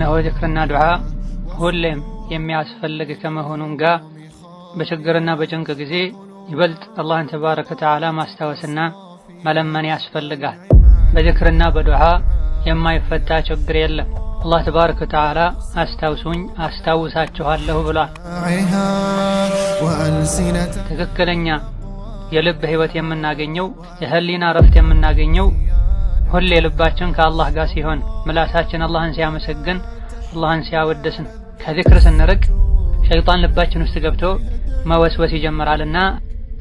ነሆ ዝክርና ዱዓ ሁሌም የሚያስፈልግ ከመሆኑም ጋር በችግርና በጭንቅ ጊዜ ይበልጥ አላህን ተባረከ ወተዓላ ማስታወስና መለመን ያስፈልጋል። በዝክርና በዱዓ የማይፈታ ችግር የለም። አላህ ተባረከ ወተዓላ አስታውሱኝ አስታውሳችኋለሁ ብሏል። ትክክለኛ የልብ ህይወት የምናገኘው የህሊና ረፍት የምናገኘው ሁሌ ልባችን ከአላህ ጋር ሲሆን ምላሳችን አላህን ሲያመሰግን አላህን ሲያወደስን ከዚክር ስንርቅ ሸይጣን ልባችን ውስጥ ገብቶ መወስወስ ይጀምራልና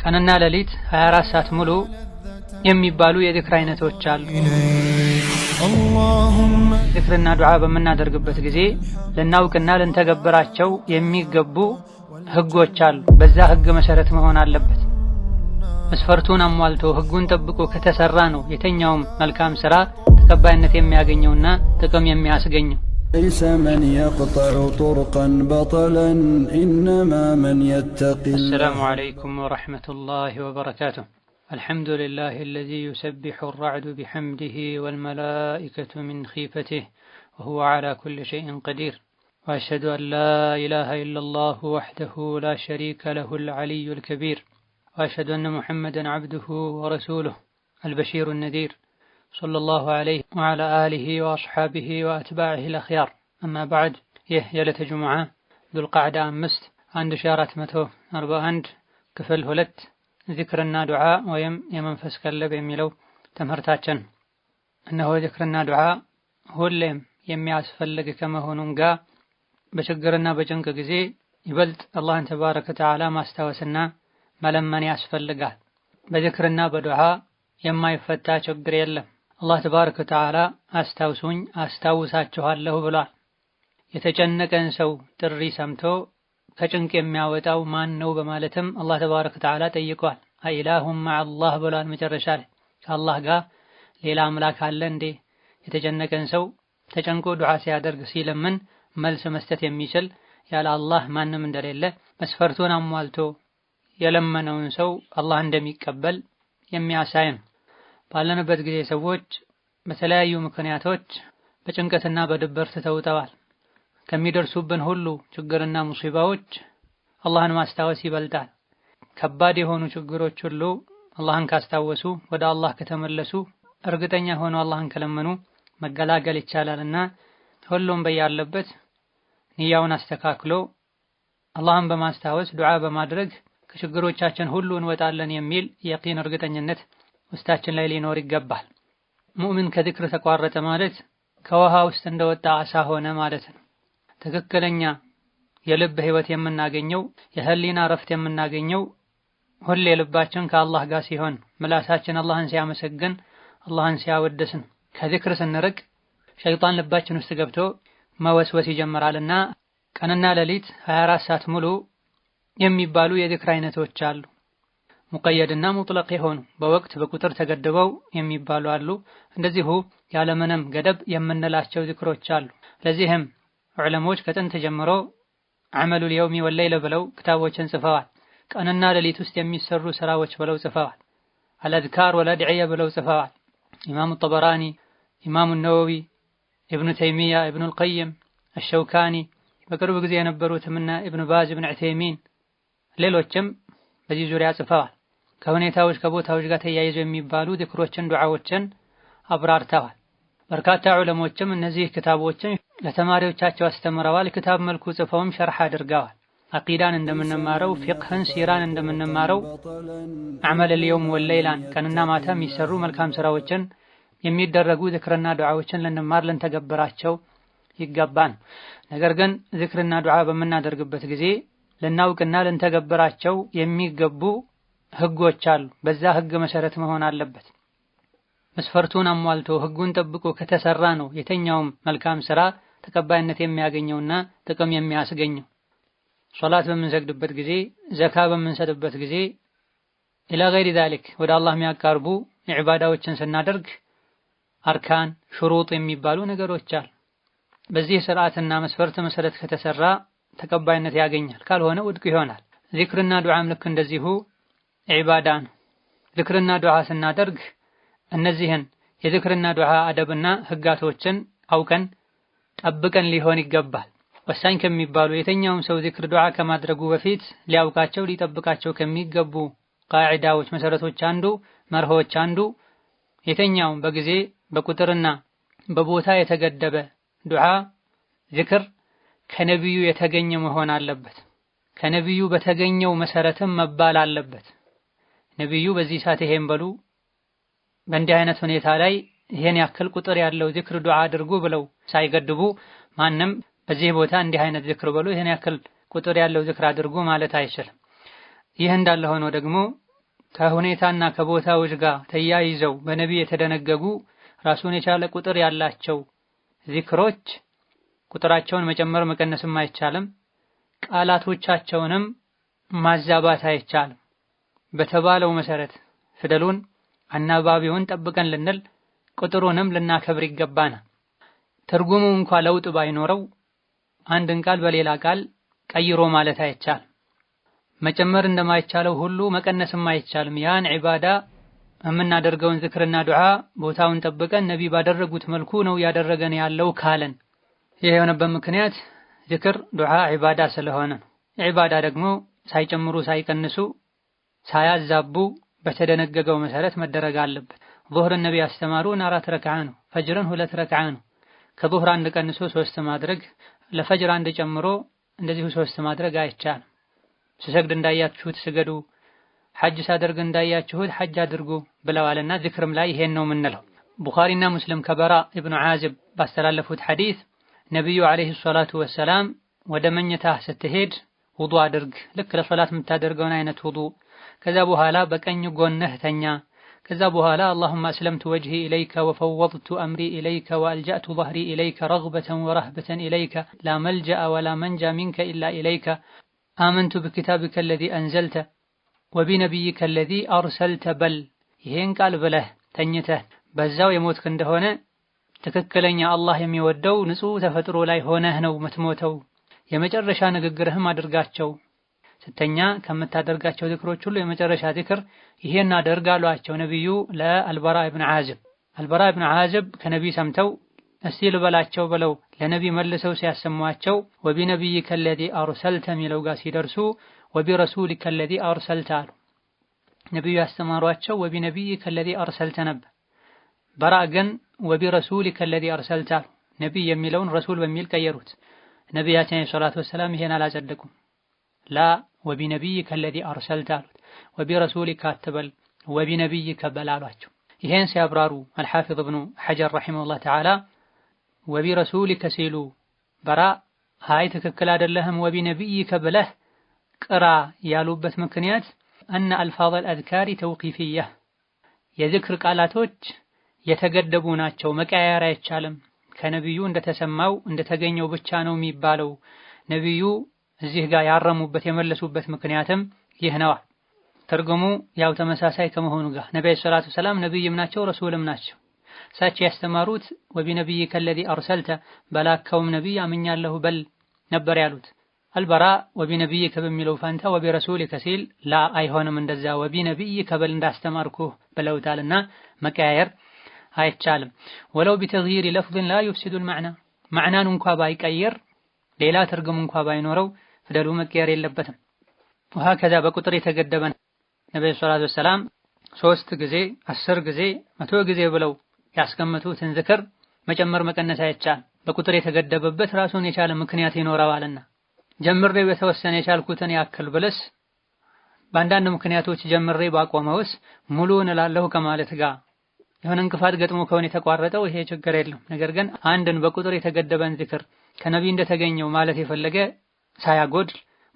ቀንና ሌሊት 24 ሰዓት ሙሉ የሚባሉ የዚክር አይነቶች አሉ። ዚክርና ዱዓ በምናደርግበት ጊዜ ልናውቅና ልንተገብራቸው የሚገቡ ህጎች አሉ። በዛ ህግ መሰረት መሆን አለበት። መስፈርቱን አሟልቶ ህጉን ጠብቆ ከተሰራ ነው የተኛውም መልካም ስራ ተቀባይነት የሚያገኘውና ጥቅም የሚያስገኘው። ليس من يقطع طرقا بطلا إنما من يتقي السلام عليكم ورحمة الله وبركاته الحمد لله الذي يسبح الرعد بحمده والملائكة من خيفته وهو على كل شيء قدير وأشهد أن لا إله إلا الله وحده لا شريك له العلي الكبير وأشهد أن محمدا عبده ورسوله البشير النذير صلى الله عليه وعلى آله وأصحابه وأتباعه الأخيار أما بعد يه يلة جمعة ذو القعدة أمست عند شارة متو أربع عند كفل هلت ذكرنا دعاء ويم يمن فسكلب يميلو تمهرتاتشن أنه ذكرنا دعاء كما هو ከመሆኑም بشقرنا بجنك قزي يبلت الله تبارك ተባረከ ما استوسنا መለመን ያስፈልጋል። በዝክርና በዱዓ የማይፈታ ችግር የለም። አላህ ተባረከ ወተዓላ አስታውሱኝ አስታውሳችኋለሁ ብሏል። የተጨነቀን ሰው ጥሪ ሰምቶ ከጭንቅ የሚያወጣው ማን ነው በማለትም አላህ ተባረከ ወተዓላ ጠይቋል። አኢላሁም አላህ ብሏል። መጨረሻ ላይ ከአላህ ጋር ሌላ አምላክ አለ እንዴ? የተጨነቀን ሰው ተጨንቆ ዱዓ ሲያደርግ ሲለምን መልስ መስጠት የሚችል ያለ አላህ ማንም እንደሌለ መስፈርቱን አሟልቶ የለመነውን ሰው አላህ እንደሚቀበል የሚያሳይ ነው። ባለንበት ጊዜ ሰዎች በተለያዩ ምክንያቶች በጭንቀትና በድብርት ተውጠዋል። ከሚደርሱብን ሁሉ ችግርና ሙሲባዎች አላህን ማስታወስ ይበልጣል። ከባድ የሆኑ ችግሮች ሁሉ አላህን ካስታወሱ፣ ወደ አላህ ከተመለሱ፣ እርግጠኛ ሆኖ አላህን ከለመኑ መገላገል ይቻላልና ሁሉም በያለበት ንያውን አስተካክሎ አላህን በማስታወስ ዱዓ በማድረግ ከችግሮቻችን ሁሉ እንወጣለን የሚል የቂን እርግጠኝነት ውስጣችን ላይ ሊኖር ይገባል። ሙእሚን ከዝክር ተቋረጠ ማለት ከውሃ ውስጥ እንደወጣ አሳ ሆነ ማለት ነው። ትክክለኛ የልብ ህይወት የምናገኘው የህሊና ረፍት የምናገኘው ሁሌ ልባችን ከአላህ ጋር ሲሆን፣ ምላሳችን አላህን ሲያመሰግን፣ አላህን ሲያወደስን። ነው። ከዝክር ስንርቅ ሸይጣን ልባችን ውስጥ ገብቶ መወስወስ ይጀምራልና ቀንና ሌሊት 24 ሰዓት ሙሉ የሚባሉ የዝክር አይነቶች አሉ። ሙቀየድና ሙጥለቅ የሆኑ በወቅት በቁጥር ተገድበው የሚባሉ አሉ። እንደዚሁ ያለምንም ገደብ የምንላቸው ዝክሮች አሉ። ለዚህም ዑለሞች ከጥንት ጀምሮ አመሉል የውሚ ወለይል ብለው ክታቦችን ጽፈዋል። ቀንና ሌሊት ውስጥ የሚሰሩ ስራዎች ብለው ጽፈዋል። አልአድካር ወለአድዕየ ብለው ጽፈዋል። ኢማሙ ጠበራኒ፣ ኢማሙ ነወዊ፣ እብኑ ተይሚያ፣ ኢብኑል ቀይም፣ አሸውካኒ በቅርብ ጊዜ የነበሩትምና እብኑ ባዝ፣ ኢብኑ ዑተይሚን ሌሎችም በዚህ ዙሪያ ጽፈዋል። ከሁኔታዎች ከቦታዎች ጋር ተያይዘው የሚባሉ ዝክሮችን ዱዓዎችን አብራርተዋል። በርካታ ዑለሞችም እነዚህ ክታቦችን ለተማሪዎቻቸው አስተምረዋል። ክታብ መልኩ ጽፈውም ሸርሕ አድርገዋል። አቂዳን እንደምንማረው ፊቅህን፣ ሲራን እንደምንማረው አመል ልየውም ወለይላን ቀንና ማታ የሚሰሩ መልካም ስራዎችን የሚደረጉ ዝክርና ዱዓዎችን ልንማር ልንተገብራቸው ይገባን። ነገር ግን ዝክርና ዱዓ በምናደርግበት ጊዜ ልናውቅና ልንተገብራቸው የሚገቡ ህጎች አሉ። በዛ ህግ መሰረት መሆን አለበት። መስፈርቱን አሟልቶ ህጉን ጠብቆ ከተሰራ ነው የተኛውም መልካም ስራ ተቀባይነት የሚያገኘውና ጥቅም የሚያስገኘው። ሶላት በምንሰግድበት ጊዜ፣ ዘካ በምንሰጥበት ጊዜ ኢላ ገይሪ ዛሊክ ወደ አላህ የሚያቃርቡ ኢባዳዎችን ስናደርግ አርካን፣ ሽሩጥ የሚባሉ ነገሮች አሉ። በዚህ ስርዓትና መስፈርት መሰረት ከተሰራ ተቀባይነት ያገኛል፣ ካልሆነ ውድቅ ይሆናል። ዚክርና ዱዓም ልክ እንደዚሁ ዒባዳ ነው። ዚክርና ዱዓ ስናደርግ እነዚህን የዚክርና ዱዓ አደብና ህጋቶችን አውቀን ጠብቀን ሊሆን ይገባል። ወሳኝ ከሚባሉ የተኛውም ሰው ዚክር ዱዓ ከማድረጉ በፊት ሊያውቃቸው ሊጠብቃቸው ከሚገቡ ቃዒዳዎች መሰረቶች አንዱ መርሆች አንዱ የተኛውም በጊዜ በቁጥርና በቦታ የተገደበ ዱዓ ዚክር ከነቢዩ የተገኘ መሆን አለበት። ከነቢዩ በተገኘው መሰረትም መባል አለበት። ነቢዩ በዚህ ሰዓት ይሄን በሉ፣ በእንዲህ አይነት ሁኔታ ላይ ይሄን ያክል ቁጥር ያለው ዝክር ዱዓ አድርጉ ብለው ሳይገድቡ ማንም በዚህ ቦታ እንዲህ አይነት ዝክር በሉ፣ ይሄን ያክል ቁጥር ያለው ዝክር አድርጉ ማለት አይችልም። ይህ እንዳለ ሆኖ ደግሞ ከሁኔታና ከቦታዎች ጋር ተያይዘው በነቢይ የተደነገጉ ራሱን የቻለ ቁጥር ያላቸው ዚክሮች ቁጥራቸውን መጨመር መቀነስም አይቻልም። ቃላቶቻቸውንም ማዛባት አይቻልም። በተባለው መሰረት ፊደሉን አናባቢውን ጠብቀን ልንል ቁጥሩንም ልናከብር ይገባና ትርጉሙ እንኳ ለውጥ ባይኖረው አንድን ቃል በሌላ ቃል ቀይሮ ማለት አይቻልም። መጨመር እንደማይቻለው ሁሉ መቀነስም አይቻልም። ያን ዒባዳ የምናደርገውን ዝክርና ዱዓ ቦታውን ጠብቀን ነቢ ባደረጉት መልኩ ነው ያደረገን ያለው ካለን ይህ የሆነበት ምክንያት ዝክር ዱዓ ዒባዳ ስለሆነ ነው። ዒባዳ ደግሞ ሳይጨምሩ ሳይቀንሱ ሳያዛቡ በተደነገገው መሰረት መደረግ አለበት። ዙህር ነቢ ያስተማሩን አራት ረክዓ ነው። ፈጅርን ሁለት ረክዓ ነው። ከዙህር አንድ ቀንሶ ሶስት ማድረግ፣ ለፈጅር አንድ ጨምሮ እንደዚሁ ሶስት ማድረግ አይቻልም። ስሰግድ እንዳያችሁት ስገዱ፣ ሐጅ ሳደርግ እንዳያችሁት ሐጅ አድርጉ ብለዋልና ዝክርም ላይ ይሄን ነው የምንለው። ቡኻሪና ሙስሊም ከበራ ኢብኑ ዓዚብ ባስተላለፉት ሐዲስ ነቢዩ ዓለይሂ ሰላቱ ወሰላም ወደ መኝታህ ስትሄድ ውዱ አድርግ፣ ልክ ለሶላት የምታደርገውን አይነት ውዱ። ከዛ በኋላ በቀኝ ጎንህ ተኛ። ከዛ በኋላ አላሁማ አስለምቱ ወጅሂ ኢለይከ ወፈወድቱ አምሪ ኢለይከ ወአልጃእቱ ظህሪ ኢለይከ ረግበተን ወረህበተን ኢለይከ ላ መልጀአ ወላ መንጃ ሚንከ ኢላ ኢለይከ አመንቱ ብኪታብከ አለዚ አንዘልተ ወቢነቢይከ አለዚ አርሰልተ በል ይሄን ቃል ብለህ ተኝተህ በዛው የሞትክ እንደሆነ ትክክለኛ አላህ የሚወደው ንጹህ ተፈጥሮ ላይ ሆነህ ነው የምትሞተው። የመጨረሻ ንግግርህም አድርጋቸው። ስተኛ ከምታደርጋቸው ዝክሮች ሁሉ የመጨረሻ ዝክር ይሄን አደርግ አሏቸው ነቢዩ ለአልበራ ብን ዓዝብ። አልበራ ብን ዓዝብ ከነቢይ ሰምተው እስቲ ልበላቸው ብለው ለነቢ መልሰው ሲያሰሟቸው ወቢነቢይከ አለዚ አርሰልተ የሚለው ጋር ሲደርሱ ወቢረሱሊከ አለዚ አርሰልተ አሉ። ነቢዩ ያስተማሯቸው ወቢነቢይከ አለዚ አርሰልተ ነበር። በራእ ግን ወቢረሱሊከ አለዚ አርሰልተ ነቢይ የሚለውን ረሱል በሚል ቀየሩት። ነቢያችን ዓለይሂ ሰላቱ ወሰላም ይሄን አላጸደቁም። ላ ወቢነቢይከ አለዚ አርሰልተ አሉት። ወቢረሱሊከ አትበል ወቢነቢይከ በል አሏቸው። ይሄን ሲያብራሩ አልሓፊዝ እብኑ ሐጀር ረሒመሁላህ ተዓላ ወቢረሱሊከ ሲሉ በራእ አይ ትክክል አይደለህም ወቢነቢይከ ብለህ ቅራ ያሉበት ምክንያት አነ አልፋዘል አዝካሪ ተውቂፍያ የዝክር ቃላቶች የተገደቡ ናቸው፣ መቀያየር አይቻልም። ከነቢዩ እንደተሰማው እንደተገኘው ብቻ ነው የሚባለው። ነቢዩ እዚህ ጋር ያረሙበት የመለሱበት ምክንያትም ይህ ነዋ። ትርጉሙ ያው ተመሳሳይ ከመሆኑ ጋር ነቢዩ ሰላቱ ሰላም ነቢይም ናቸው ረሱልም ናቸው። እሳቸው ያስተማሩት ወቢነቢይ ከለዚ አርሰልተ በላከውም ነቢይ አምኛለሁ በል ነበር ያሉት። አልበራ ወቢነቢይ ከበሚለው ፋንታ ወቢረሱል ከሲል ላ አይሆንም እንደዛ ወቢነቢይ ከበል እንዳስተማርኩ ብለውታልና መቀያየር አይቻልም። ወለው ቢተግይር ለፍዝን ላ ዩፍሲዱል መዕና መዕናን እንኳ ባይቀይር ሌላ ትርጉም እንኳ ባይኖረው ፊደሉ መቀየር የለበትም። ውሃ ከዛ በቁጥር የተገደበ ነብዩ ሰለላሁ ዐለይሂ ሶስት ጊዜ አስር ጊዜ መቶ ጊዜ ብለው ያስቀመጡትን ዝክር መጨመር መቀነስ አይቻልም። በቁጥር የተገደበበት ራሱን የቻለ ምክንያት ይኖረዋልና ጀምሬው የተወሰነ የቻልኩትን ያክል ብለስ በአንዳንድ ምክንያቶች ጀምሬ ባቆመውስ ሙሉውን እላለሁ ከማለት ጋር የሆነ እንቅፋት ገጥሞ ከሆነ የተቋረጠው ይሄ ችግር የለም። ነገር ግን አንድን በቁጥር የተገደበን ዝክር ከነቢ እንደተገኘው ማለት የፈለገ ሳያጎድል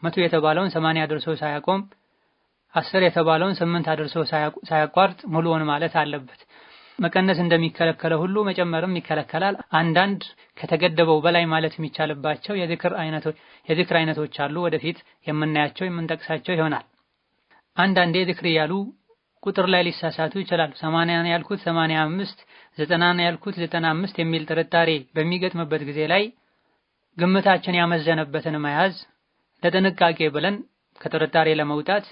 መቶ የተባለውን ሰማንያ አድርሶ ሳያቆም አስር የተባለውን ስምንት አድርሶ ሳያቋርጥ ሙሉውን ማለት አለበት። መቀነስ እንደሚከለከለው ሁሉ መጨመርም ይከለከላል። አንዳንድ ከተገደበው በላይ ማለት የሚቻልባቸው የዝክር አይነቶች አሉ። ወደፊት የምናያቸው የምንጠቅሳቸው ይሆናል። አንዳንዴ ዝክር እያሉ ቁጥር ላይ ሊሳሳቱ ይችላሉ። ነው ያልኩት 85 አምስት ነው ያልኩት ዘጠና አምስት የሚል ጥርጣሬ በሚገጥምበት ጊዜ ላይ ግምታችን ያመዘነበትን መያዝ ለጥንቃቄ ብለን ከጥርጣሬ ለመውጣት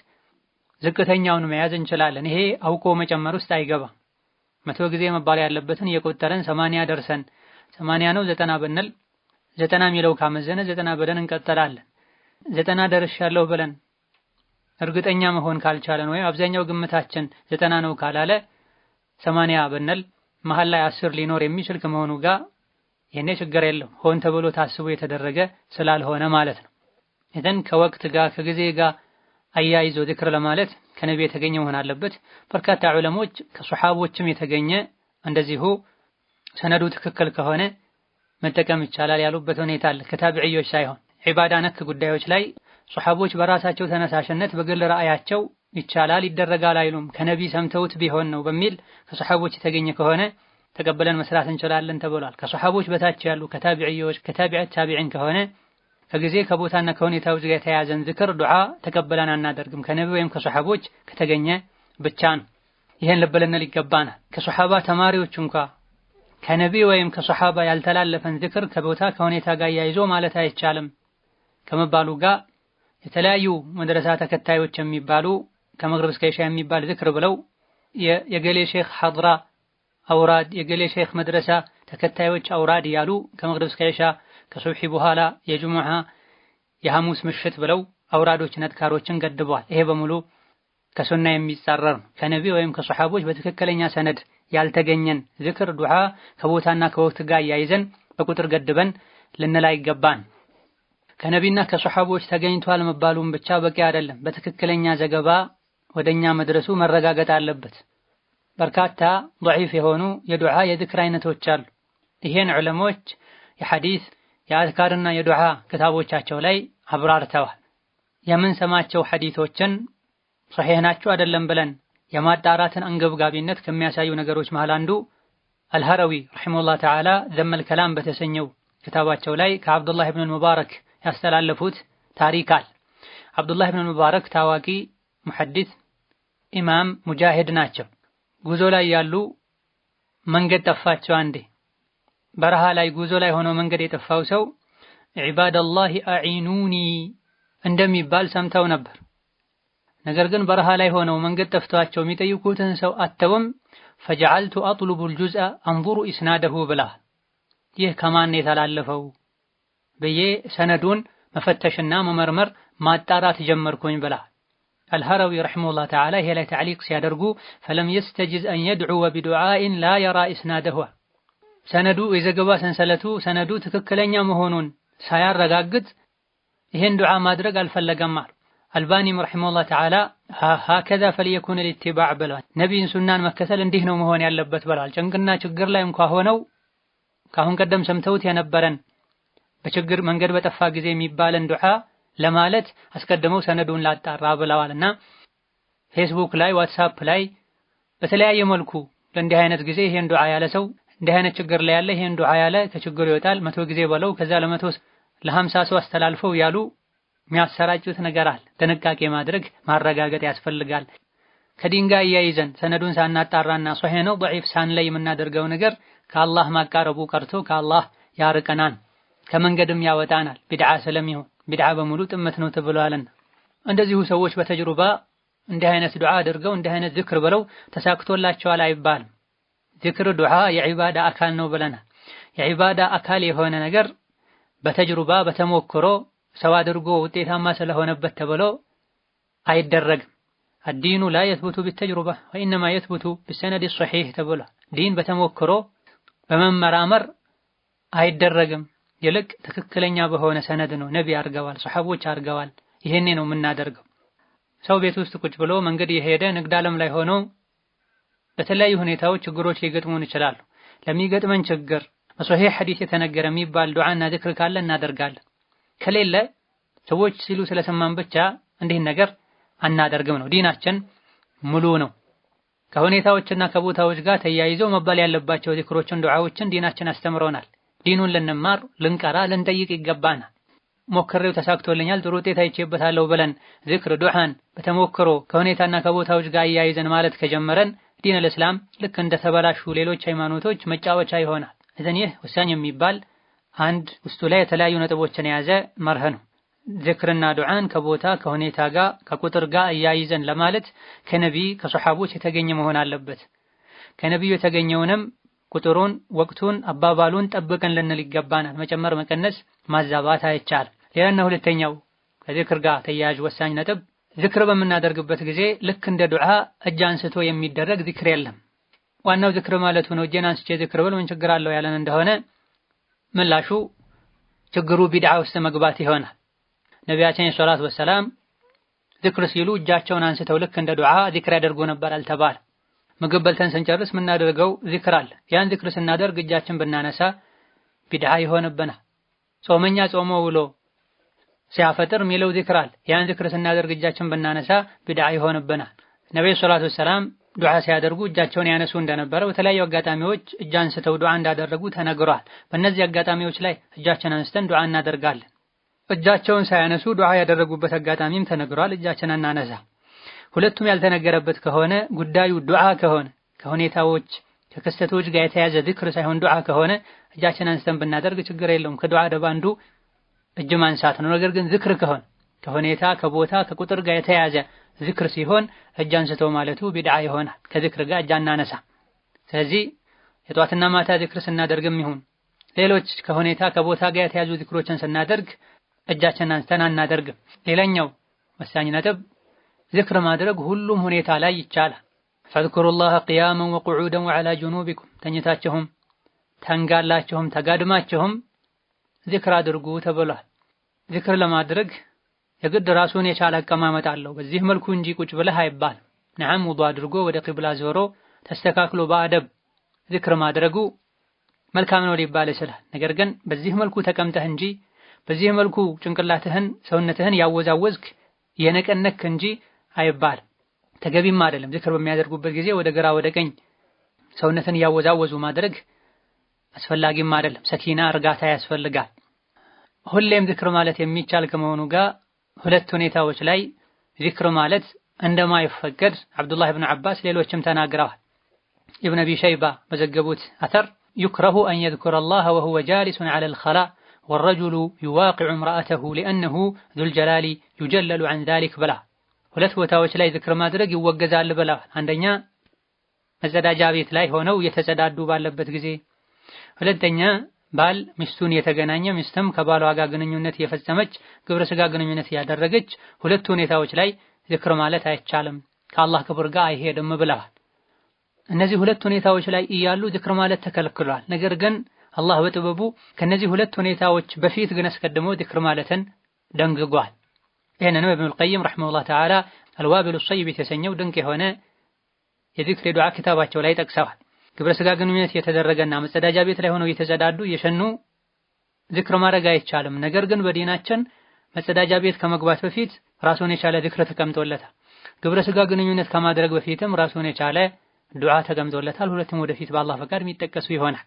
ዝቅተኛውን መያዝ እንችላለን። ይሄ አውቆ መጨመር ውስጥ አይገባም። መቶ ጊዜ መባል ያለበትን የቆጠረን ሰማንያ ደርሰን ሰማንያ ነው ዘጠና ብንል ዘጠና የሚለው ካመዘነ ዘጠና ብለን እንቀጥላለን። ዘጠና ደርሻለሁ ብለን እርግጠኛ መሆን ካልቻለን ወይም አብዛኛው ግምታችን ዘጠና ነው ካላለ ሰማንያ ብንል መሀል ላይ አስር ሊኖር የሚችል ከመሆኑ ጋር ይህኔ ችግር የለው። ሆን ተብሎ ታስቦ የተደረገ ስላልሆነ ማለት ነው። ይህን ከወቅት ጋር ከጊዜ ጋር አያይዞ ዝክር ለማለት ከነቢ የተገኘ መሆን አለበት። በርካታ ዑለሞች ከሱሐቦችም የተገኘ እንደዚሁ ሰነዱ ትክክል ከሆነ መጠቀም ይቻላል ያሉበት ሁኔታ አለ። ሳይሆን ዒባዳ ነክ ጉዳዮች ላይ ሶሐቦች በራሳቸው ተነሳሽነት በግል ራእያቸው ይቻላል ይደረጋል አይሉም ከነቢ ሰምተውት ቢሆን ነው በሚል ከሶሐቦች የተገኘ ከሆነ ተቀበለን መስራት እንችላለን ተብሏል። ከሶሐቦች በታች ያሉ ከታቢዕዮች ከታቢዕ ታቢዕን ከሆነ ከጊዜ ከቦታና ከሁኔታዎች ጋር የተያያዘን ዝክር ዱዓ ተቀበለን አናደርግም ከነቢ ወይም ከሶሐቦች ከተገኘ ብቻ ነው። ይህን ልብ ልንል ይገባናል። ከሶሐባ ተማሪዎች እንኳ ከነቢ ወይም ከሶሐባ ያልተላለፈን ዝክር ከቦታ ከሁኔታ ጋር ያይዞ ማለት አይቻልም ከመባሉ ጋር የተለያዩ መድረሳ ተከታዮች የሚባሉ ከመግሪብ እስከ ኢሻ የሚባል ዝክር ብለው የገሌ ሼክ ሐድራ አውራድ የገሌ ሼክ መድረሳ ተከታዮች አውራድ ያሉ ከመግሪብ እስከ ኢሻ ከሱብሒ በኋላ የጅሙዓ የሐሙስ ምሽት ብለው አውራዶችን አድካሮችን ገድቧል። ይሄ በሙሉ ከሱና የሚጻረር ከነቢ ወይም ከሰሐቦች በትክክለኛ ሰነድ ያልተገኘን ዝክር ዱዓ ከቦታና ከወቅት ጋር ያይዘን በቁጥር ገድበን ልንል አይገባን። ከነቢና ከሰሐቦች ተገኝቷል መባሉም ብቻ በቂ አይደለም። በትክክለኛ ዘገባ ወደኛ መድረሱ መረጋገጥ አለበት። በርካታ ضعيف የሆኑ የዱዓ የዝክር አይነቶች አሉ። ይሄን ዑለሞች የሐዲስ የአዝካርና የዱዓ ክታቦቻቸው ላይ አብራርተዋል። የምንሰማቸው ሐዲሶችን ሰሒህ ናቸው አይደለም ብለን የማጣራትን አንገብጋቢነት ከሚያሳዩ ነገሮች መሃል አንዱ አልሀረዊ ረሒመሁላህ ተዓላ ዘመል ከላም በተሰኘው ክታባቸው ላይ ከአብዱላህ ብኑል ሙባረክ ያስተላለፉት አለ። አብዱላህ ብን ሙባረክ ታዋቂ ሙሐዲስ ኢማም ሙጃሂድ ናቸው። ጉዞ ላይ ያሉ መንገድ ጠፋቸው። አንዴ በረሃ ላይ ጉዞ ላይ ሆኖ መንገድ የጠፋው ሰው ዒባደላሂ አዒኑኒ እንደሚባል ሰምተው ነበር። ነገር ግን በረሃ ላይ ሆነው መንገድ ጠፍቷቸው የሚጠይቁትን ሰው አተውም። ፈጀዐልቱ አጥሉቡል ጁዝአ አንዙሩ ኢስናደሁ ብላ ይህ ከማን የተላለፈው ብዬ ሰነዱን መፈተሽና መመርመር ማጣራት ጀመርኩኝ ብላ አልሀረዊ ረሒመሁላህ ተዓላ ይሄ ላይ ተዕሊቅ ሲያደርጉ ፈለም የስተጅዝ አን የድዑወ ቢዱዓኢን ላ የራ ኢስናደሁ ሰነዱ የዘገባ ሰንሰለቱ ሰነዱ ትክክለኛ መሆኑን ሳያረጋግጥ ይሄን ዱዓ ማድረግ አልፈለገም አሉ። አልባኒም ረሒመሁላህ ተዓላ ሀከዛ ፈልየኩን ልትባዕ ብለዋል። ነቢይን ሱናን መከተል እንዲህ ነው መሆን ያለበት ብለዋል። ጭንቅና ችግር ላይ እንኳ ሆነው ከአሁን ቀደም ሰምተውት የነበረን በችግር መንገድ በጠፋ ጊዜ የሚባለን ዱዓ ለማለት አስቀድመው ሰነዱን ላጣራ ብለዋልና ፌስቡክ ላይ ዋትሳፕ ላይ በተለያየ መልኩ ለእንዲህ አይነት ጊዜ ይሄን ዱዓ ያለ ሰው እንዲህ አይነት ችግር ላይ ያለ ይሄን ዱዓ ያለ ከችግሩ ይወጣል፣ መቶ ጊዜ በለው ከዛ ለመቶ ለሀምሳ ሰው አስተላልፈው ያሉ የሚያሰራጩት ነገር አለ። ጥንቃቄ ማድረግ ማረጋገጥ ያስፈልጋል። ከድንጋይ እያይዘን ሰነዱን ሳናጣራና ሶሄ ነው ደዒፍ ላይ የምናደርገው ነገር ከአላህ ማቃረቡ ቀርቶ ከአላህ ያርቀናል። ከመንገድም ያወጣናል ቢድዓ ስለሚሆን ቢድዓ በሙሉ ጥመት ነው ተብሏልና። እንደዚሁ ሰዎች በተጅሩባ እንዲህ አይነት ዱዓ አድርገው እንዲህ አይነት ዝክር ብለው ተሳክቶላቸዋል አይባልም። ዝክር ዱዓ የዒባዳ አካል ነው ብለናል። የዒባዳ አካል የሆነ ነገር በተጅሩባ በተሞክሮ ሰው አድርጎ ውጤታማ ስለሆነበት ተብሎ አይደረግም። አዲኑ ላ የትቡቱ ቢተጅሩባ ወኢነማ የትቡቱ ቢሰነድ ሰሒሕ ተብሏል። ዲን በተሞክሮ በመመራመር አይደረግም። ይልቅ ትክክለኛ በሆነ ሰነድ ነው ነቢ አድርገዋል፣ ሰሐቦች አድርገዋል። ይሄኔ ነው የምናደርገው። ሰው ቤት ውስጥ ቁጭ ብሎ መንገድ የሄደ ንግድ ዓለም ላይ ሆኖ በተለያዩ ሁኔታዎች ችግሮች ሊገጥሙን ይችላሉ። ለሚገጥመን ችግር በሶሒሕ ሐዲስ የተነገረ የሚባል ዱዓና ዝክር ካለ እናደርጋለን። ከሌለ ሰዎች ሲሉ ስለሰማን ብቻ እንዲህን ነገር አናደርግም ነው። ዲናችን ሙሉ ነው። ከሁኔታዎችና ከቦታዎች ጋር ተያይዘው መባል ያለባቸው ዚክሮችን፣ ዱዓዎችን ዲናችን አስተምሮናል። ዲኑን ልንማር ልንቀራ ልንጠይቅ ይገባናል። ሞክሬው ተሳክቶልኛል፣ ጥሩ ውጤት አይቼበታለሁ ብለን ዝክር ዱዓን በተሞክሮ ከሁኔታና ከቦታዎች ጋር እያይዘን ማለት ከጀመረን ዲን ልእስላም ልክ እንደተበላሹ ሌሎች ሃይማኖቶች መጫወቻ ይሆናል። እዘን ይህ ወሳኝ የሚባል አንድ ውስጡ ላይ የተለያዩ ነጥቦችን የያዘ መርህ ነው። ዝክርና ዱዓን ከቦታ ከሁኔታ ጋር ከቁጥር ጋር እያይዘን ለማለት ከነቢይ ከሰሓቦች የተገኘ መሆን አለበት። ከነቢዩ የተገኘውንም ቁጥሩን፣ ወቅቱን፣ አባባሉን ጠብቀን ልንል ይገባናል። መጨመር መቀነስ፣ ማዛባት አይቻል። ሌላና ሁለተኛው ከዝክር ጋር ተያያዥ ወሳኝ ነጥብ ዝክር በምናደርግበት ጊዜ ልክ እንደ ዱዓ እጅ አንስቶ የሚደረግ ዝክር የለም። ዋናው ዝክር ማለት ነው። እጄን አንስቼ ዝክር ብል ምን ችግር አለው ያለን እንደሆነ ምላሹ ችግሩ ቢድዓ ውስጥ መግባት ይሆናል። ነቢያችን የሶላት ወሰላም ዝክር ሲሉ እጃቸውን አንስተው ልክ እንደ ዱዓ ዝክር ያደርጉ ነበር አልተባለ ምግብ በልተን ስንጨርስ የምናደርገው ዚክር አለ። ያን ዚክር ስናደርግ እጃችን ብናነሳ ቢድዓ ይሆንብናል። ጾመኛ ጾሞ ውሎ ሲያፈጥር የሚለው ዚክር አለ። ያን ዚክር ስናደርግ እጃችን ብናነሳ ቢድዓ ይሆንብናል። ነብዩ ሰለላሁ ዐለይሂ ወሰለም ዱዓ ሲያደርጉ እጃቸውን ያነሱ እንደነበረ በተለያዩ አጋጣሚዎች እጅ አንስተው ዱዓ እንዳደረጉ ተነግሯል። በእነዚህ አጋጣሚዎች ላይ እጃችን አንስተን ዱዓ እናደርጋለን። እጃቸውን ሳያነሱ ዱዓ ያደረጉበት አጋጣሚም ተነግሯል። እጃችን አናነሳ ሁለቱም ያልተነገረበት ከሆነ ጉዳዩ ዱዓ ከሆነ ከሁኔታዎች ከክስተቶች ጋር የተያዘ ዝክር ሳይሆን ዱዓ ከሆነ እጃችን አንስተን ብናደርግ ችግር የለውም። ከዱዓ ደባ አንዱ እጅ ማንሳት ነው። ነገር ግን ዝክር ከሆነ ከሁኔታ ከቦታ ከቁጥር ጋር የተያዘ ዝክር ሲሆን እጅ አንስቶ ማለቱ ቢድዓ ይሆናል። ከዝክር ጋር እጅ አናነሳ። ስለዚህ የጧትና ማታ ዝክር ስናደርግም ይሁን ሌሎች ከሁኔታ ከቦታ ጋር የተያዙ ዝክሮችን ስናደርግ እጃችንን አንስተን አናደርግም። ሌላኛው ወሳኝ ነጥብ ዝክር ማድረግ ሁሉም ሁኔታ ላይ ይቻላል። ፈዝኩሩላህ ቅያመን ወቁዑደን ወዐላ ጁኑቢኩም ተኝታችሁም ተንጋላችሁም ተጋድማችሁም ዝክር አድርጉ ተብሏል። ዝክር ለማድረግ የግድ ራሱን የቻለ አቀማመጥ አለው። በዚህ መልኩ እንጂ ቁጭ ብለህ አይባልም። ነዓም ውዱእ አድርጎ ወደ ቂብላ ዞሮ ተስተካክሎ በአደብ ዝክር ማድረጉ መልካም ነው ሊባል ይችላል። ነገር ግን በዚህ መልኩ ተቀምጠህ እንጂ በዚህ መልኩ ጭንቅላትህን ሰውነትህን ያወዛወዝክ የነቀነክ እንጂ አይባልም፣ ተገቢም አይደለም። ዝክር በሚያደርጉበት ጊዜ ወደ ግራ ወደ ቀኝ ሰውነትን እያወዛወዙ ማድረግ አስፈላጊም አይደለም። ሰኪና እርጋታ ያስፈልጋል። ሁሌም ዝክር ማለት የሚቻል ከመሆኑ ጋር ሁለት ሁኔታዎች ላይ ዚክር ማለት እንደማይፈቀድ አብዱላህ ብን አባስ ሌሎችም ተናግረዋል። ኢብን አቢ ሸይባ በዘገቡት አተር ዩክረሁ አን የዝኩረ አላህ ወሁወ ጃሊሱን ዐለ ልኸላ ወረጁሉ ዩዋቂዑ እምረአተሁ ሊአነሁ ዙልጀላሊ ዩጀለሉ ዐን ዛሊክ ብላ ሁለት ቦታዎች ላይ ዝክር ማድረግ ይወገዛል ብለዋል። አንደኛ መጸዳጃ ቤት ላይ ሆነው እየተጸዳዱ ባለበት ጊዜ፣ ሁለተኛ ባል ሚስቱን የተገናኘ ሚስትም ከባሏ ጋር ግንኙነት የፈጸመች ግብረ ስጋ ግንኙነት ያደረገች ሁለቱ ሁኔታዎች ላይ ዝክር ማለት አይቻልም፣ ከአላህ ክብር ጋር አይሄድም ብለዋል። እነዚህ ሁለት ሁኔታዎች ላይ እያሉ ዝክር ማለት ተከልክሏል። ነገር ግን አላህ በጥበቡ ከነዚህ ሁለት ሁኔታዎች በፊት ግን አስቀድሞ ዝክር ማለትን ደንግጓል። ይህንንም ኢብኑል ቀይም ረሂመሁላህ ተዓላ አልዋቢሉ ሰይብ የተሰኘው ድንቅ የሆነ የዚክር የዱዓ ክታባቸው ላይ ጠቅሰዋል። ግብረ ስጋ ግንኙነት የተደረገና መጸዳጃ ቤት ላይ ሆነው እየተጸዳዱ እየሸኑ ዝክር ማድረግ አይቻልም። ነገር ግን በዲናችን መጸዳጃ ቤት ከመግባት በፊት ራሱን የቻለ ዝክር ተቀምጦለታል። ግብረ ስጋ ግንኙነት ከማድረግ በፊትም ራሱን የቻለ ዱዓ ተቀምጦለታል። ሁለቱም ወደፊት በአላህ ፈቃድ የሚጠቀሱ ይሆናል።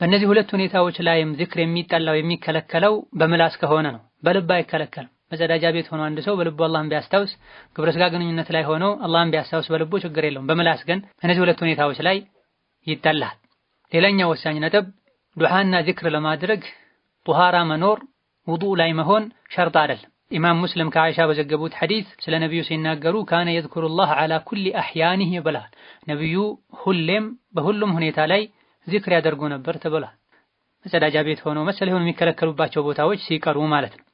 በእነዚህ ሁለት ሁኔታዎች ላይም ዝክር የሚጠላው የሚከለከለው በምላስ ከሆነ ነው፣ በልብ አይከለከልም። መጸዳጃ ቤት ሆኖ አንድ ሰው በልቡ አላህን ቢያስታውስ ግብረ ስጋ ግንኙነት ላይ ሆኖ አላህን ቢያስታውስ በልቡ ችግር የለውም። በምላስ ግን እነዚህ ሁለት ሁኔታዎች ላይ ይጠላል። ሌላኛው ወሳኝ ነጥብ ዱሃና ዚክር ለማድረግ ጡሃራ መኖር ውዱእ ላይ መሆን ሸርጥ አይደለም። ኢማም ሙስሊም ከአይሻ በዘገቡት ሐዲስ ስለ ነብዩ ሲናገሩ ካነ የዝኩሩላህ አላ ኩሊ አህያኒህ ብለዋል። ነቢዩ ሁሌም በሁሉም ሁኔታ ላይ ዚክር ያደርጉ ነበር ተብሏል። መጸዳጃ ቤት ሆኖ መሰል ይሁን የሚከለከሉባቸው ቦታዎች ሲቀሩ ማለት ነው።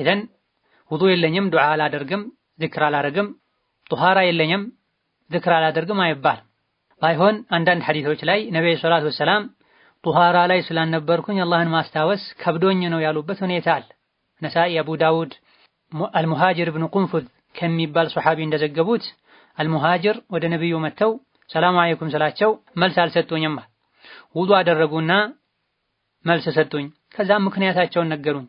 ኢዘን ውዱ የለኝም ዱዓ አላደርግም ዝክር አላደርግም ጡሃራ የለኝም ዝክር አላደርግም አይባል። ባይሆን አንዳንድ ሐዲቶች ላይ ነቢዩ ሰላቱ ወሰላም ጡሃራ ላይ ስላልነበርኩኝ አላህን ማስታወስ ከብዶኝ ነው ያሉበት ሁኔታ አለ። ነሳኢ፣ አቡ ዳውድ፣ አልሙሃጅር ብኑ ቁንፉዝ ከሚባል ሶሐቢ እንደዘገቡት አልሙሃጅር ወደ ነቢዩ መጥተው ሰላም አለይኩም ስላቸው መልስ አልሰጡኝም። ውዱ አደረጉና መልስ ሰጡኝ። ከዛም ምክንያታቸውን ነገሩኝ።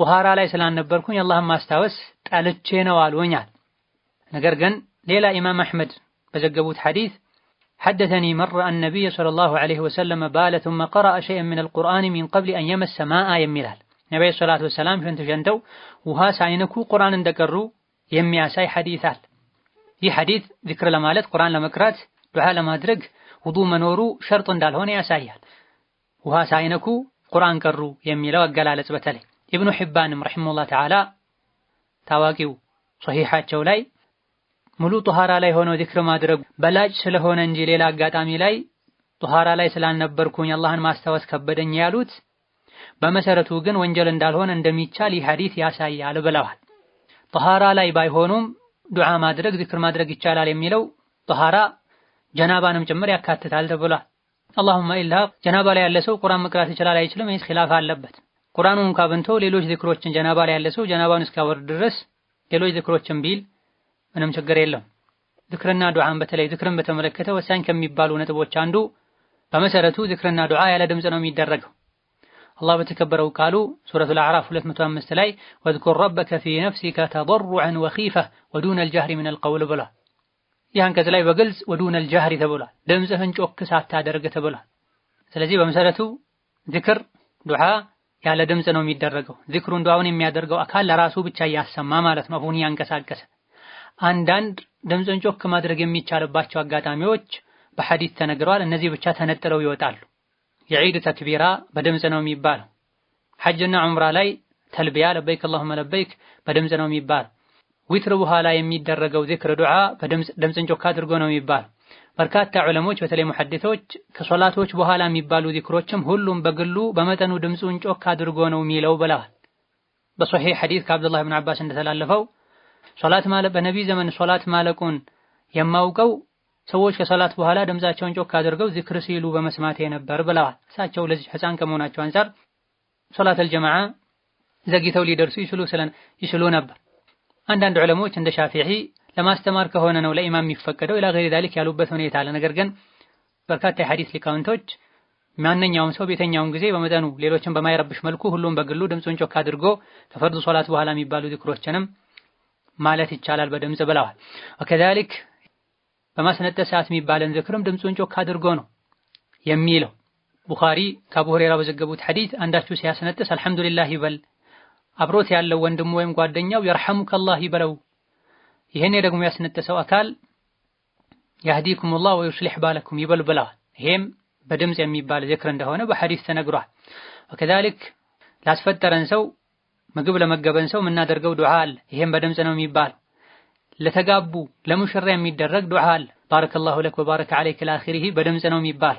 ጡሃራ ላይ ስላልነበርኩኝ አላህን ማስታወስ ጠልቼ ነው አሉኛል። ነገር ግን ሌላ ኢማም አሕመድ በዘገቡት ሐዲስ ሐደተኒ መረ አነቢይ ሰለላሁ ዐለይሂ ወሰለም ባለ ቱመ ቀረአ ሸይአን ሚነል ቁርአን ሚን ቀብሊ አን የመሰ ማአ የሚላል ነቢዩ ሰላቱ ወሰላም ሽንት ሸንተው ውሃ ሳይነኩ ቁርአን እንደቀሩ የሚያሳይ ሐዲስ አለ። ይህ ሐዲስ ዚክር ለማለት ቁርአን ለመቅራት ዱዓ ለማድረግ ውዱ መኖሩ ሸርጥ እንዳልሆነ ያሳያል። ውሃ ሳይነኩ ቁርአን ቀሩ የሚለው አገላለጽ በተለይ ኢብኑ ሒባንም ረሒመሁላህ ተዓላ ታዋቂው ሶሒሓቸው ላይ ሙሉ ጦሃራ ላይ ሆኖ ዚክር ማድረግ በላጭ ስለሆነ እንጂ ሌላ አጋጣሚ ላይ ጦሃራ ላይ ስላልነበርኩኝ አላህን ማስታወስ ከበደኝ ያሉት በመሰረቱ ግን ወንጀል እንዳልሆነ እንደሚቻል ይህ ሐዲስ ያሳያል ብለዋል። ጦሃራ ላይ ባይሆኑም ዱዓ ማድረግ ዚክር ማድረግ ይቻላል የሚለው ጦሃራ ጀናባንም ጭምር ያካትታል ተብሏል። አላሁማ ኢላ ጀናባ ላይ ያለ ሰው ቁርአን መቅራት ይችላል አይችልም? ይህ ኺላፍ አለበት። ቁርአኑን ካብንቶ ሌሎች ዝክሮችን ጀናባ ላይ ያለ ሰው ጀናባን እስካወርድ ድረስ ሌሎች ዝክሮችን ቢል ምንም ችግር የለም። ዝክርና ዱዓን በተለይ ዝክርን በተመለከተ ወሳኝ ከሚባሉ ነጥቦች አንዱ በመሰረቱ ዝክርና ዱዓ ያለ ድምፅ ነው የሚደረገው። አላህ በተከበረው ቃሉ ሱረቱል አዕራፍ 205 ላይ ወዝኩር ረበከ ፊ ነፍሲከ ተضرعا وخيفة ودون الجهر من القول ብሏል። ይህ አንቀጽ ላይ በግልጽ ወዱን አልጃህሪ ተብሏል። ድምፅህን ጮክ ሳታደርግ ተብሏል። ስለዚህ በመሰረቱ ዝክር ዱዓ ያለ ድምፅ ነው የሚደረገው። ዚክሩን ዱዓውን የሚያደርገው አካል ለራሱ ብቻ እያሰማ ማለት ነው፣ አፉን እያንቀሳቀሰ። አንዳንድ ድምፅን ጮክ ማድረግ የሚቻልባቸው አጋጣሚዎች በሐዲስ ተነግረዋል። እነዚህ ብቻ ተነጥለው ይወጣሉ። የዒድ ተክቢራ በድምፅ ነው የሚባለው። ሐጅና ዑምራ ላይ ተልቢያ ለበይክ አላሁመ ለበይክ በድምፅ ነው የሚባለው። ዊትር በኋላ የሚደረገው ዝክር ዱዓ በድምፅ ድምፅን ጮክ አድርጎ ነው የሚባለው። በርካታ ዑለሞች በተለይ ሙሐዲሶች ከሶላቶች በኋላ የሚባሉ ዚክሮችም ሁሉም በግሉ በመጠኑ ድምፁን ጮክ አድርጎ ነው የሚለው ብለዋል። በሶሒሕ ሐዲስ ከአብዱላህ ብን አባስ እንደተላለፈው ሶላት ማለ በነቢይ ዘመን ሶላት ማለቁን የማውቀው ሰዎች ከሶላት በኋላ ድምፃቸውን ጮክ አድርገው ዚክር ሲሉ በመስማቴ ነበር ብለዋል። እሳቸው ለዚህ ሕፃን ከመሆናቸው አንፃር ሶላት አልጀማዓ ዘግይተው ሊደርሱ ይችሉ ነበር። አንዳንድ ዑለሞች እንደ ሻፊዒ ለማስተማር ከሆነ ነው ለኢማም የሚፈቀደው ኢላ ገይሪ ዳሊክ ያሉበት ሁኔታ አለ። ነገር ግን በርካታ የሐዲስ ሊቃውንቶች ማንኛውም ሰው ቤተኛውን ጊዜ በመጠኑ ሌሎችን በማይረብሽ መልኩ ሁሉም በግሉ ድምፁን ጮክ አድርጎ ከፈርዱ ሶላት በኋላ የሚባሉ ዚክሮችንም ማለት ይቻላል በድምጽ ብለዋል። ወከዛሊክ በማስነጠስ ሰዓት የሚባለን ዝክርም ድምፁን ጮክ አድርጎ ነው የሚለው ቡኻሪ ከአቡ ሁሬራ በዘገቡት ሐዲት አንዳችሁ ሲያስነጥስ አልሐምዱሊላህ ይበል፣ አብሮት ያለው ወንድሙ ወይም ጓደኛው የርሐሙከላህ ይበለው ይሄኔ ደግሞ ያስነጠሰው አካል ያህዲኩሙላህ ወዩስሊሕ ባለኩም ይበልብላል። ይሄም በድምፅ የሚባል ዝክር እንደሆነ በሐዲስ ተነግሯል። ወከዛሊክ ላስፈጠረን ሰው ምግብ ለመገበን ሰው የምናደርገው ዱዓ አለ። ይሄም በድምፅ ነው የሚባል። ለተጋቡ ለሙሽራ የሚደረግ ዱዓ አለ። ባረከላሁ ለክ ወባረከ ዓለይክ ለአኺሪሂ በድምፅ ነው የሚባል።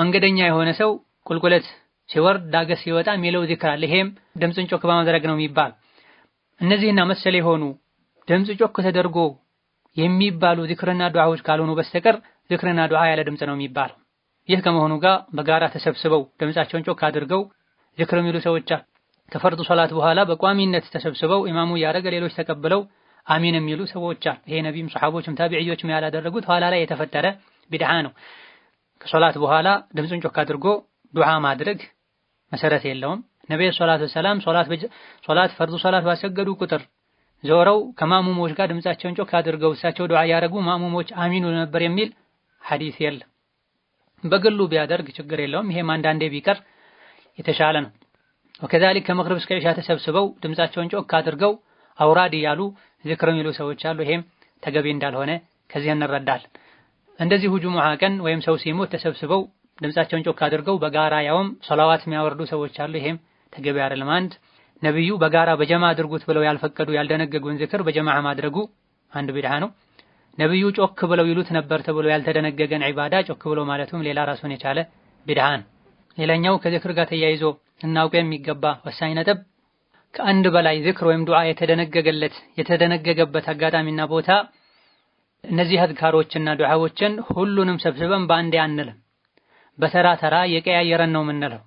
መንገደኛ የሆነ ሰው ቁልቁለት ሲወርድ ዳገስ ሲወጣ የሚለው ዚክር አለ። ይሄም ድምፅን ጮክ በማድረግ ነው የሚባል። እነዚህና መሰል የሆኑ ድምፅ ጮክ ተደርጎ የሚባሉ ዝክርና ዱዓዎች ካልሆኑ በስተቀር ዝክርና ዱዓ ያለ ድምፅ ነው የሚባለው። ይህ ከመሆኑ ጋር በጋራ ተሰብስበው ድምፃቸውን ጮክ አድርገው ዝክር የሚሉ ሰዎች ከፈርዱ ሶላት በኋላ በቋሚነት ተሰብስበው ኢማሙ እያደረገ ሌሎች ተቀብለው አሚን የሚሉ ሰዎች አሉ። ይሄ ነቢይም ሰሐቦችም ታቢዕዮችም ያላደረጉት ኋላ ላይ የተፈጠረ ቢድዓ ነው። ከሶላት በኋላ ድምፅን ጮክ አድርጎ ዱዓ ማድረግ መሰረት የለውም። ነብዩ ሰላቱ ሰላም ሶላት ፈርዱ ሶላት ባሰገዱ ቁጥር ዞረው ከማሙሞች ጋር ድምጻቸውን ጮክ አድርገው እሳቸው ዱዓ ያደረጉ ማሙሞች አሚኑ ነበር የሚል ሐዲስ የለም። በግሉ ቢያደርግ ችግር የለውም። ይሄም አንዳንዴ ቢቀር የተሻለ ነው። ወከዛሊክ ከመግሪብ እስከ ኢሻ ተሰብስበው ድምጻቸውን ጮክ አድርገው አውራድ እያሉ ዝክር የሚሉ ሰዎች አሉ። ይሄም ተገቢ እንዳልሆነ ከዚህ እንረዳለን። እንደዚሁ ጁሙዓ ቀን ወይም ሰው ሲሞት ተሰብስበው ድምጻቸውን ጮክ አድርገው በጋራ ያውም ሶላዋት የሚያወርዱ ሰዎች አሉ። ይሄም ተገቢ አይደለም። አንድ ነብዩ በጋራ በጀማ አድርጉት ብለው ያልፈቀዱ ያልደነገጉን ዝክር በጀማ ማድረጉ አንድ ቢድሃ ነው። ነብዩ ጮክ ብለው ይሉት ነበር ተብሎ ያልተደነገገን ዒባዳ ጮክ ብሎ ማለቱም ሌላ ራሱን የቻለ ቢድዓ ነው። ሌላኛው ከዝክር ጋር ተያይዞ እናውቅ የሚገባ ወሳኝ ነጥብ ከአንድ በላይ ዝክር ወይም ዱዓ የተደነገገለት የተደነገገበት አጋጣሚና ቦታ እነዚህ አዝካሮችና ዱዓዎችን ሁሉንም ሰብስበን በአንዴ አንልም። በተራ ተራ የቀያየረን ነው የምንለው።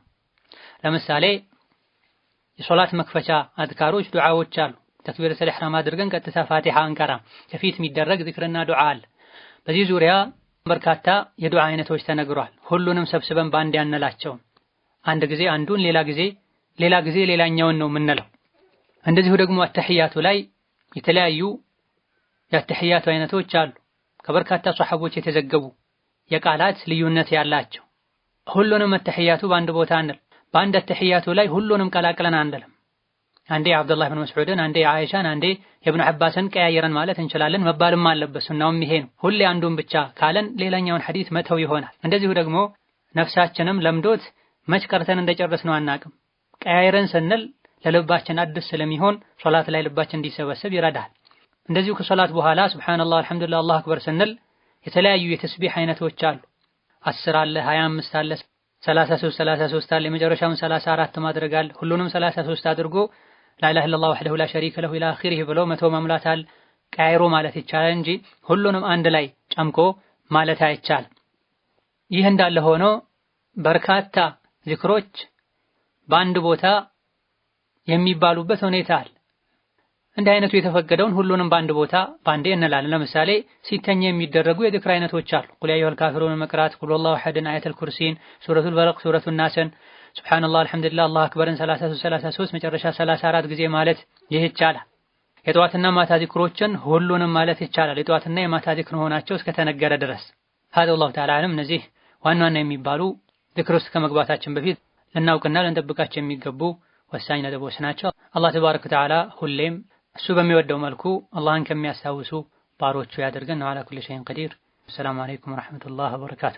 ለምሳሌ የሶላት መክፈቻ አድካሮች ዱዓዎች አሉ። ተክቢረተል ኢሕራም አድርገን ቀጥታ ፋቲሃ አንቀራም። ከፊት የሚደረግ ዚክርና ዱዓ አለ። በዚህ ዙሪያ በርካታ የዱዓ አይነቶች ተነግሯል። ሁሉንም ሰብስበን በአንድ ያነላቸውም አንድ ጊዜ አንዱን ሌላ ጊዜ ሌላ ጊዜ ሌላኛውን ነው የምንለው። እንደዚሁ ደግሞ አተሕያቱ ላይ የተለያዩ የአተሕያቱ አይነቶች አሉ። ከበርካታ ሶሐቦች የተዘገቡ የቃላት ልዩነት ያላቸው ሁሉንም አተሕያቱ በአንድ ቦታ አንል በአንድ አተህያቱ ላይ ሁሉንም ቀላቅለን አንልም። አንዴ አብዱላህ ብን መስዑድን፣ አንዴ አይሻን፣ አንዴ የብኑ ዐባስን ቀያየረን ማለት እንችላለን። መባልም አለበት። ሱናውም ይሄ ነው። ሁሌ አንዱን ብቻ ካለን ሌላኛውን ሐዲስ መተው ይሆናል። እንደዚሁ ደግሞ ነፍሳችንም ለምዶት መች ቀርተን እንደጨረስ ነው አናቅም። ቀያየረን ስንል ለልባችን አዲስ ስለሚሆን ሶላት ላይ ልባችን እንዲሰበሰብ ይረዳል። እንደዚሁ ከሶላት በኋላ ሱብሃንአላህ አልሐምዱሊላህ አላሁ አክበር ስንል የተለያዩ የተስቢህ አይነቶች አሉ። አስር አለ፣ ሀያ አምስት አለ 33 33 አለ የመጨረሻውን 34 ማድረግ አለ ሁሉንም 33 አድርጎ ላኢላሀ ኢለላህ ወህደሁ ላ ለሁ ኢላ አኺሪህ ብሎ መቶ ማምላት አለ ቀያይሮ ማለት ይቻላል እንጂ ሁሉንም አንድ ላይ ጨምቆ ማለት አይቻል። ይህ እንዳለ ሆኖ በርካታ ዚክሮች በአንድ ቦታ የሚባሉበት ሁኔታ አለ። እንደ አይነቱ የተፈቀደውን ሁሉንም በአንድ ቦታ ባንዴ እንላለን። ለምሳሌ ሲተኛ የሚደረጉ የዝክር አይነቶች አሉ። ቁል ያዩሃል ካፊሩን መቅራት፣ ቁል ሁወላሁ አሐድን፣ አያተል ኩርሲን፣ ሱረቱል በረቅ፣ ሱረቱን ናስን፣ ሱብሃነላህ፣ አልሐምዱሊላህ፣ አላሁ አክበርን 33 33 መጨረሻ 34 ጊዜ ማለት ይህ ይቻላል። የጠዋትና ማታ ዚክሮችን ሁሉንም ማለት ይቻላል። የጠዋትና የማታ ዚክር መሆናቸው እስከተነገረ ድረስ ሀደ ወላሁ ተዓላ አለም። እነዚህ ዋና ዋና የሚባሉ ዚክር ውስጥ ከመግባታችን በፊት ልናውቅና ልንጠብቃቸው የሚገቡ ወሳኝ ነጥቦች ናቸው። አላህ ተባረከ ወተዓላ ሁሌም እሱ በሚወደው መልኩ አላህን ከሚያስታውሱ ባሮቹ ያደርገን። አላ ኩሊ ሸይን ቀዲር። ሰላም አለይኩም ወራህመቱላህ ወበረካቱ።